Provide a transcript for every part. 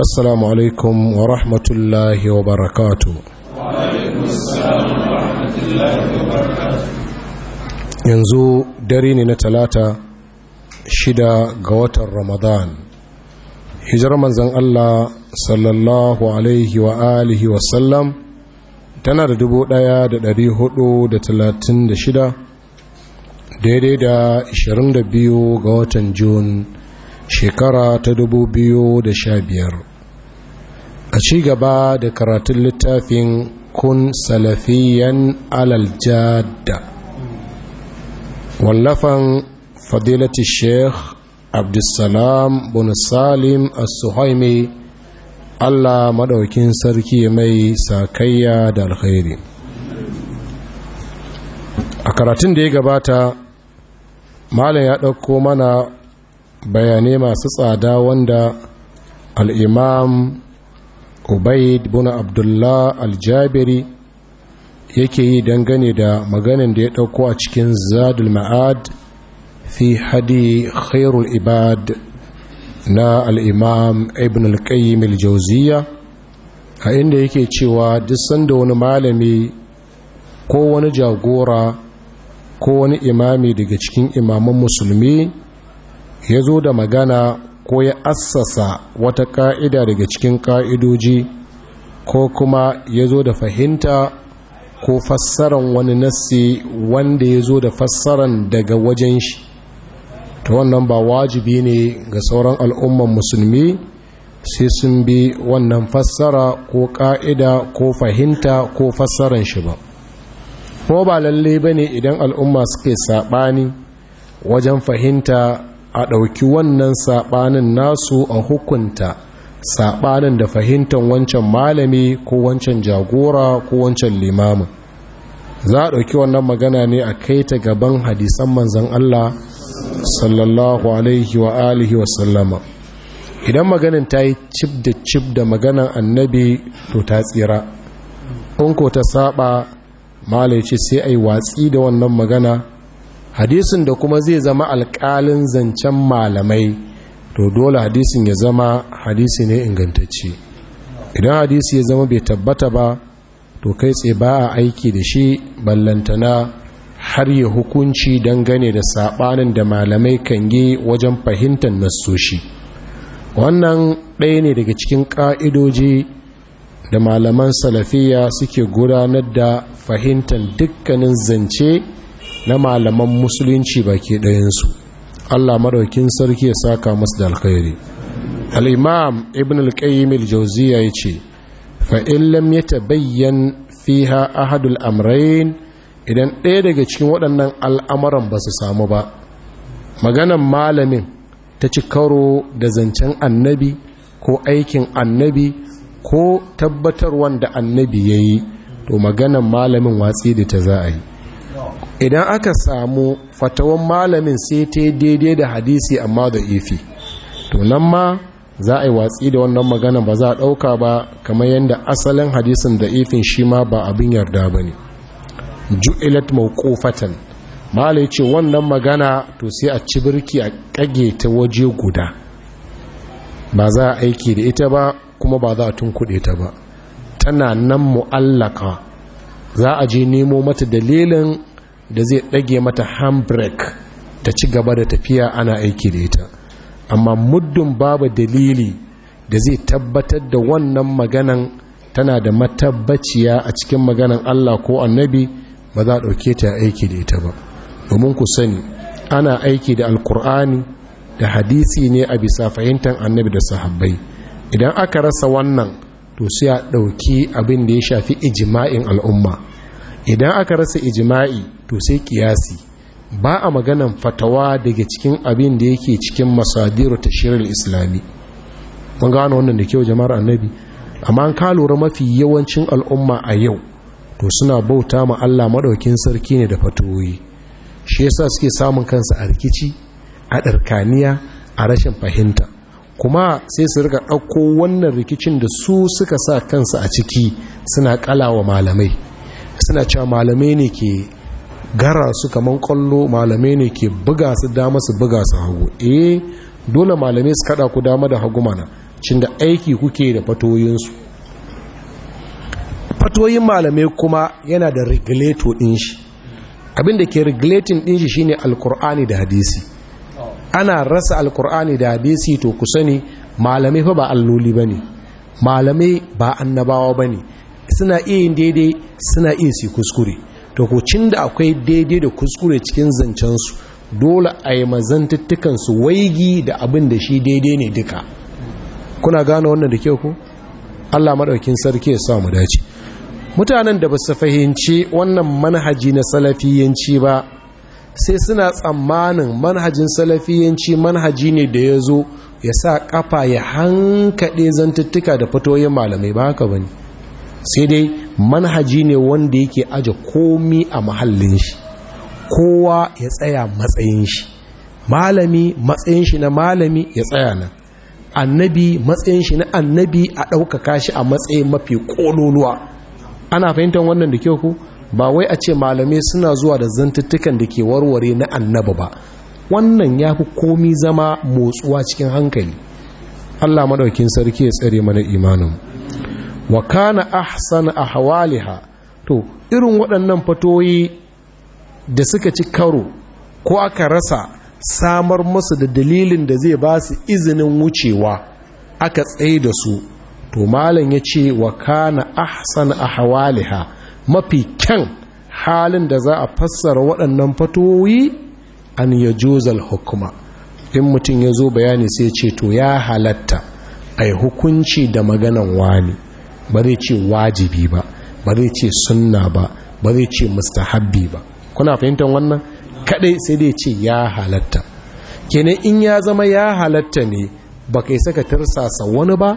assalamu alaikum wa rahmatullahi wa barakatu yanzu dare ne na talata shida ga watan ramadan hijirar manzan Allah sallallahu alaihi wa alihi wasallam tana da dubu daya da dari hudu da talatin da shida daidai da ashirin da biyu ga watan jun shekara ta dubu biyu da sha biyar a ci gaba da karatun littafin kun salafiyan alaljada wallafan fadilati sheikh abdulsalam bin salim as-suhaimi allah maɗaukin sarki mai sakayya da alkhairi a karatun da ya gabata malam ya ɗauko mana bayanai masu tsada wanda al'imam ubaid bin abdullah aljabiri yake yi dangane da maganin da ya ɗauko a cikin zadul ma'ad fi hadi khairul ibad na al'imam ibn al-qayyim al-jauziya a inda yake cewa duk sanda wani malami ko wani jagora ko wani imami daga cikin imaman musulmi ya zo da magana ko ya assasa wata ka'ida daga cikin ka'idoji ko kuma ya zo da fahimta ko fassaran wani nassi wanda ya zo da fassaran daga wajen shi ta wannan ba wajibi ne ga sauran al'umman musulmi sai sun bi wannan fassara ko ka'ida ko fahimta ko fassaran shi ba ko ba lalle ba ne idan al'umma suke saɓani wajen fahimta a ɗauki wannan saɓanin nasu a hukunta saɓanin da fahimtar wancan malami ko wancan jagora ko wancan limamin za a ɗauki wannan magana ne a kai ta gaban hadisan manzan Allah sallallahu alaihi wa alihi wa idan maganin ta yi cib da cib da maganan annabi to ta tsira ta saba mala ce sai a yi watsi da wannan magana hadisin da kuma zai zama alƙalin zancen malamai to dole hadisin ya zama hadisi ne ingantacce idan hadisi ya zama bai tabbata ba to kai tsaye ba a aiki da shi ballantana har yi hukunci dangane da saɓanin da malamai kan yi wajen fahimtar nassoshi wannan ɗaya ne daga cikin ƙa'idoji da malaman salafiya suke gudanar da fahimtar dukkanin zance na malaman musulunci baki ɗayansu allah maraukin sarki ya saka masu da alkhairi al'imam ibn al-qayyim al-jauziya ya ce fa'in lam ya tabayyan fiha ahadul amrain idan ɗaya daga cikin waɗannan al'amuran ba su samu ba maganan malamin ta ci karo da zancen annabi ko aikin annabi ko tabbatar wanda annabi ya yi to maganan malamin watsi da ta za a yi idan aka samu fatawan malamin sai ta daidai da hadisi amma da ifi to nan ma za a yi watsi da wannan magana ba za a ɗauka ba kamar yadda asalin hadisin da ifin shi ma ba abin yarda ba ne ju'ilat mawqufatan malai ce wannan magana to sai a ci birki a kage ta waje guda ba za a aiki da ita ba kuma ba za a tunkuɗe ta ba tana nan mu'allaka za a je nemo mata dalilin da zai ɗage mata handbrake ta ci gaba da tafiya ana aiki da ita amma muddin babu dalili da zai tabbatar da wannan maganan tana da matabbaciya a cikin maganan Allah ko annabi ba za a ɗauke ta aiki da ita ba domin ku sani ana aiki da alkur'ani da hadisi ne a bisa fahimtar annabi da sahabbai idan aka rasa wannan to sai a ɗauki abin da ya shafi ijma'in al'umma idan aka rasa ijima'i to sai kiyasi ba a maganan fatawa daga cikin abin da yake cikin masadiru ta shirin islami mun gano wannan da kyau jama'ar annabi amma an kalura mafi yawancin al'umma a yau to suna bauta ma Allah maɗaukin sarki ne da fatoyi shi yasa suke samun kansa a rikici a ɗarkaniya a rashin fahimta kuma sai su rika ɗauko wannan rikicin da su suka sa kansa a ciki suna ƙalawa malamai suna cewa malamai ne ke gara su kaman kwallo malamai ne ke buga su dama su buga su hagu eh dole malamai su kada ku dama da hagu mana cin da aiki kuke da fatoyinsu fatoyin malamai kuma yana da regulator din shi abinda ke regulating din shi shine alkur'ani da hadisi ana rasa alkur'ani da hadisi to ku sani malamai fa ba alloli bane malamai ba annabawa bane suna iya yin daidai suna iya su kuskure to ko cin da akwai daidai da kuskure cikin zancensu dole a yi mazantattukansu waigi da abin da shi daidai ne duka kuna gane wannan da kyau ko allah maɗaukin sarki ya sa mu dace mutanen da ba su fahimci wannan manhaji na salafiyanci ba sai suna tsammanin manhajin salafiyanci manhaji ne da ya zo ya sa kafa ya hankaɗe zantuttuka da fatoyin malamai ba haka ba ne sai dai manhaji ne wanda yake aje komi a mahallin shi kowa ya tsaya matsayin shi malami matsayin shi na malami ya tsaya nan annabi matsayin shi na annabi a ɗaukaka shi a matsayin mafi ƙololuwa ana fahimtar wannan da kyau ku ba wai a ce malamai suna zuwa da zantuttukan da ke warware na annaba ba wannan ya fi komi zama motsuwa cikin hankali allah madaukin sarki ya tsare mana imanin wa kana ahsan ahwaliha to irin waɗannan fatoyi da suka ci karo ko aka rasa samar musu da dalilin da zai ba su izinin wucewa aka tsaye da su to malam ya ce wa kana ahsan ahwaliha mafi kyan halin da za a fassara waɗannan fatoyi an ya jozal hukuma in mutum ya zo bayani sai ce to ya halatta ai hukunci da maganan wani ba zai ce wajibi ba ba zai ce sunna ba ba zai ce mustahabbi ba kuna fahimtar wannan kadai sai dai ce ya halatta kenan in ya zama ya halatta ne ba kai saka tirsasa wani ba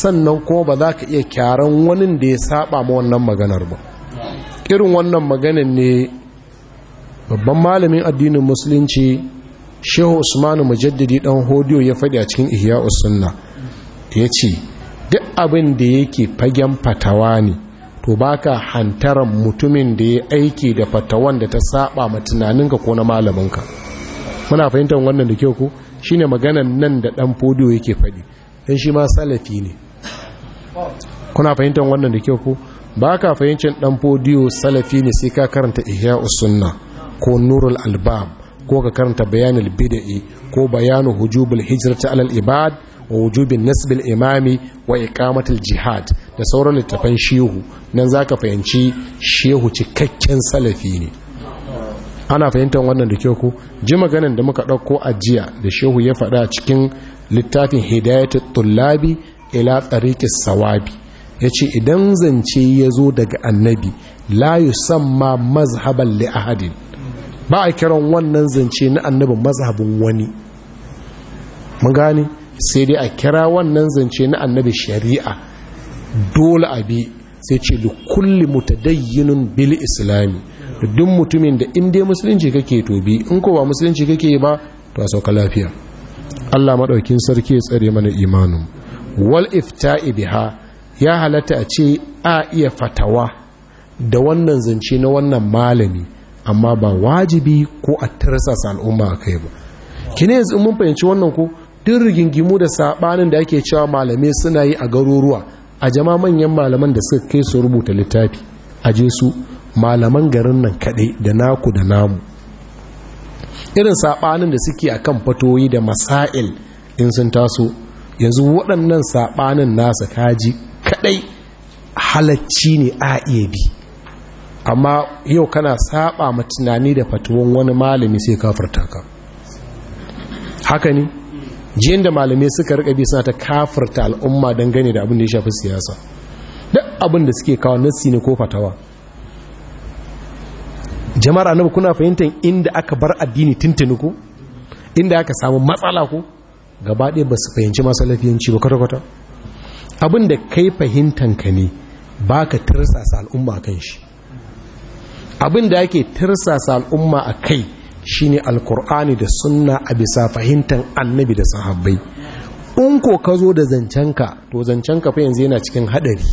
sannan ko ba za ka iya kyaran wani da ya saba ma wannan maganar ba irin wannan maganar ne babban malamin addinin musulunci shehu usmanu mujaddidi dan hodiyo ya faɗi a cikin ihya sunna ya ce duk abin da yake fagen fatawa ne to baka hantaran mutumin da ya aiki da fatawan da ta saba ma tunaninka ko na malaminka muna fahimtar wannan da kyau ko shine maganan nan da dan fodiyo yake fadi dan shi ma salafi ne kuna fahimtar wannan da kyau ko baka fahimcin dan fodiyo salafi ne sai ka karanta ihya usunna ko nurul albab ko ka karanta bayanul bid'i ko bayanu hujubul hijrati alal ibad wa wujubin nasbil imami wa iqamatul jihad da sauran littafan shehu nan zaka fahimci shehu cikakken salafi ne ana fahimtar wannan da ke ku ji maganin da muka ɗauko a jiya da shehu ya faɗa cikin littafin hidayatul tullabi ila tsariƙis sawabi ya ce idan zance ya zo daga annabi la yusamma mazhaban li ahadin ba a kiran wannan zance na annabi mazhabin wani mun gane sai dai a kira wannan zance na annabi shari'a dole abi sai ce da kulli mutadayyinin bil islami da duk mutumin da inda musulunci kake tobi in ko ba musulunci kake ba to a sauka lafiya Allah maɗaukin sarki ya tsare mana imanin wal ifta'i biha ya halatta a ce a iya fatawa da wannan zance na wannan malami amma ba wajibi ko a tarsasa al'umma kai ba kine yanzu mun fahimci wannan ko duk rigingimu da saɓanin da ake cewa malamai suna yi a garuruwa a jama manyan malaman da suka kai su rubuta littafi a je su malaman garin nan kaɗai da naku da namu irin saɓanin da suke akan fatoyi da masail in sun taso yanzu waɗannan saɓanin nasa kaji kaɗai halacci ne a iya bi amma yau kana saba ma tunani da fatuwan wani malami sai kafirta ka haka ne jiyan da malamai suka rika bi suna ta kafarta al'umma dangane da abin da ya shafi siyasa duk abin da suke kawo nassi ne ko fatawa jama'ar annabi kuna fahimtar inda aka bar addini tuntuni ko inda aka samu matsala ko gaba ɗaya ba su fahimci masu lafiyanci ba kwata-kwata abin da kai fahimtanka ne ba ka tirsasa al'umma a kan shi da ake tirsasa al'umma a kai shine alkur'ani da sunna a bisa fahimtar annabi da sahabbai in ko ka zo da zancenka to zancenka fa yanzu yana cikin hadari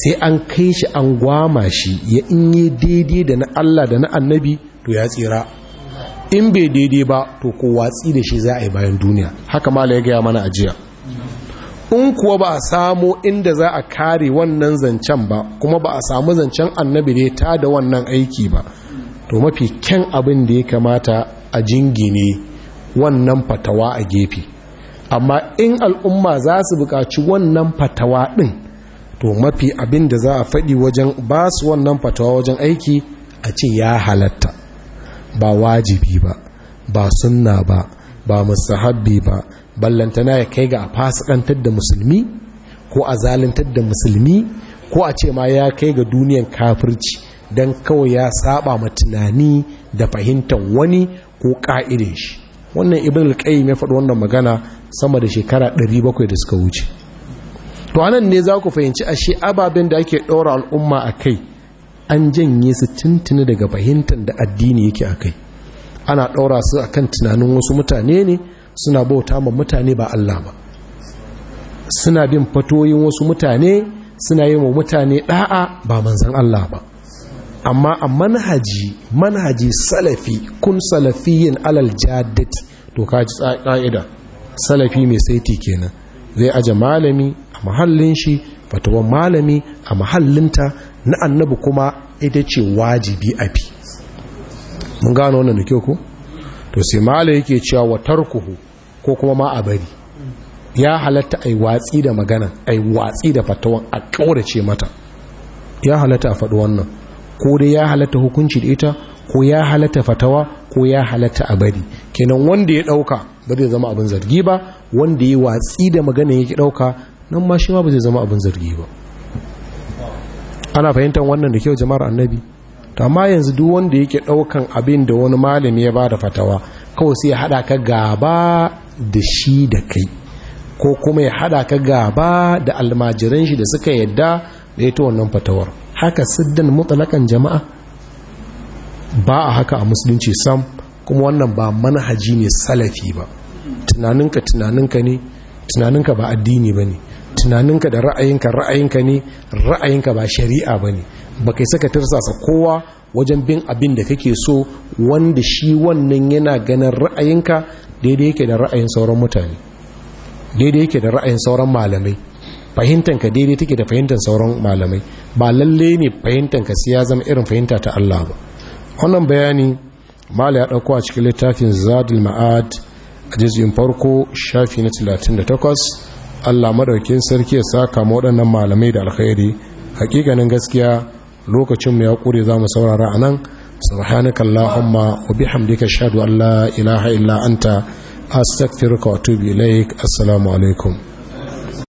sai an kai shi an gwama shi ya in yi daidai da na Allah da na annabi to ya tsira in bai daidai ba to ko watsi da shi za a yi bayan duniya haka mala ya gaya mana ajiya in kuwa ba a samu inda za a kare wannan zancen ba kuma ba a samu zancen annabi ne ta da wannan aiki ba to mafi kyan abin da ya kamata a jingine wannan fatawa a gefe amma in al'umma za su buƙaci wannan fatawa ɗin to mafi abin da za a faɗi wajen ba su wannan fatawa wajen aiki a ce ya halatta ba wajibi ba ba sunna ba ba musahabbi ba ballantana ya kai ga a fasikantar da musulmi ko a zalintar da musulmi ko a ce ma ya kai ga duniyan kafirci don kawai ya saba ma tunani da fahimtar wani ko ƙa'idin shi wannan ibn al mai ya faɗi wannan magana sama da shekara 700 da suka wuce to anan ne za ku fahimci ashe ababen da ake ɗora al'umma a kai an janye su tuntuni daga fahimtar da addini yake a kai ana ɗora su akan tunanin wasu mutane ne suna bauta ma mutane ba Allah ba suna bin fatoyin wasu mutane suna yi wa mutane ɗa'a ba manzan Allah ba amma a manhaji manhaji salafi kun salafiyin alal jaddati to ka ji ka'ida salafi mai saiti kenan zai aje malami a mahallin shi fatawan malami a mahallinta na annabi kuma ita ce wajibi a fi mun gano wannan da ku to sai malai yake cewa wa tarkuhu ko kuma ma a bari ya halatta ai watsi da magana ai watsi da fatawan a kaurace mata ya halatta a faɗi wannan ko dai ya halatta hukunci da ita ko ya halatta fatawa ko ya halatta a kenan wanda ya dauka ba zai zama abin zargi ba wanda ya watsi da magana yake dauka nan ma shi ma ba zai zama abin zargi ba ana fahimtar wannan da kyau jama'ar annabi to amma yanzu duk wanda yake daukan abin da wani malami ya bada fatawa kawai sai ya hada ka gaba da shi da kai ko kuma ya hada ka gaba da almajiran shi da suka yadda da ita wannan fatawar haka siddan mutlakan jama'a ba a haka a musulunci sam kuma wannan ba manhaji ne salafi ba tunaninka tunaninka ne tunaninka ba addini ba ne tunaninka da ra'ayinka ra'ayinka ne ra'ayinka ba shari'a ba ne ba kai saka tirsasa kowa wajen bin abin da kake so wanda shi wannan yana ganin ra'ayinka daidai yake da ra'ayin sauran mutane daidai yake da ra'ayin sauran malamai fahimtanka daidai take da fahimtar sauran malamai ba lalle ne fahimtanka sai ya zama irin fahimta ta Allah ba wannan bayani mala ya dauko a cikin littafin zadul ma'ad a jizgin farko shafi na 38 Allah madaukin sarki ya saka mu waɗannan malamai da alkhairi hakikanin gaskiya lokacin mu ya kure zamu saurara anan subhanaka allahumma wa bihamdika ashhadu an la ilaha illa anta astaghfiruka wa atubu ilaik assalamu alaikum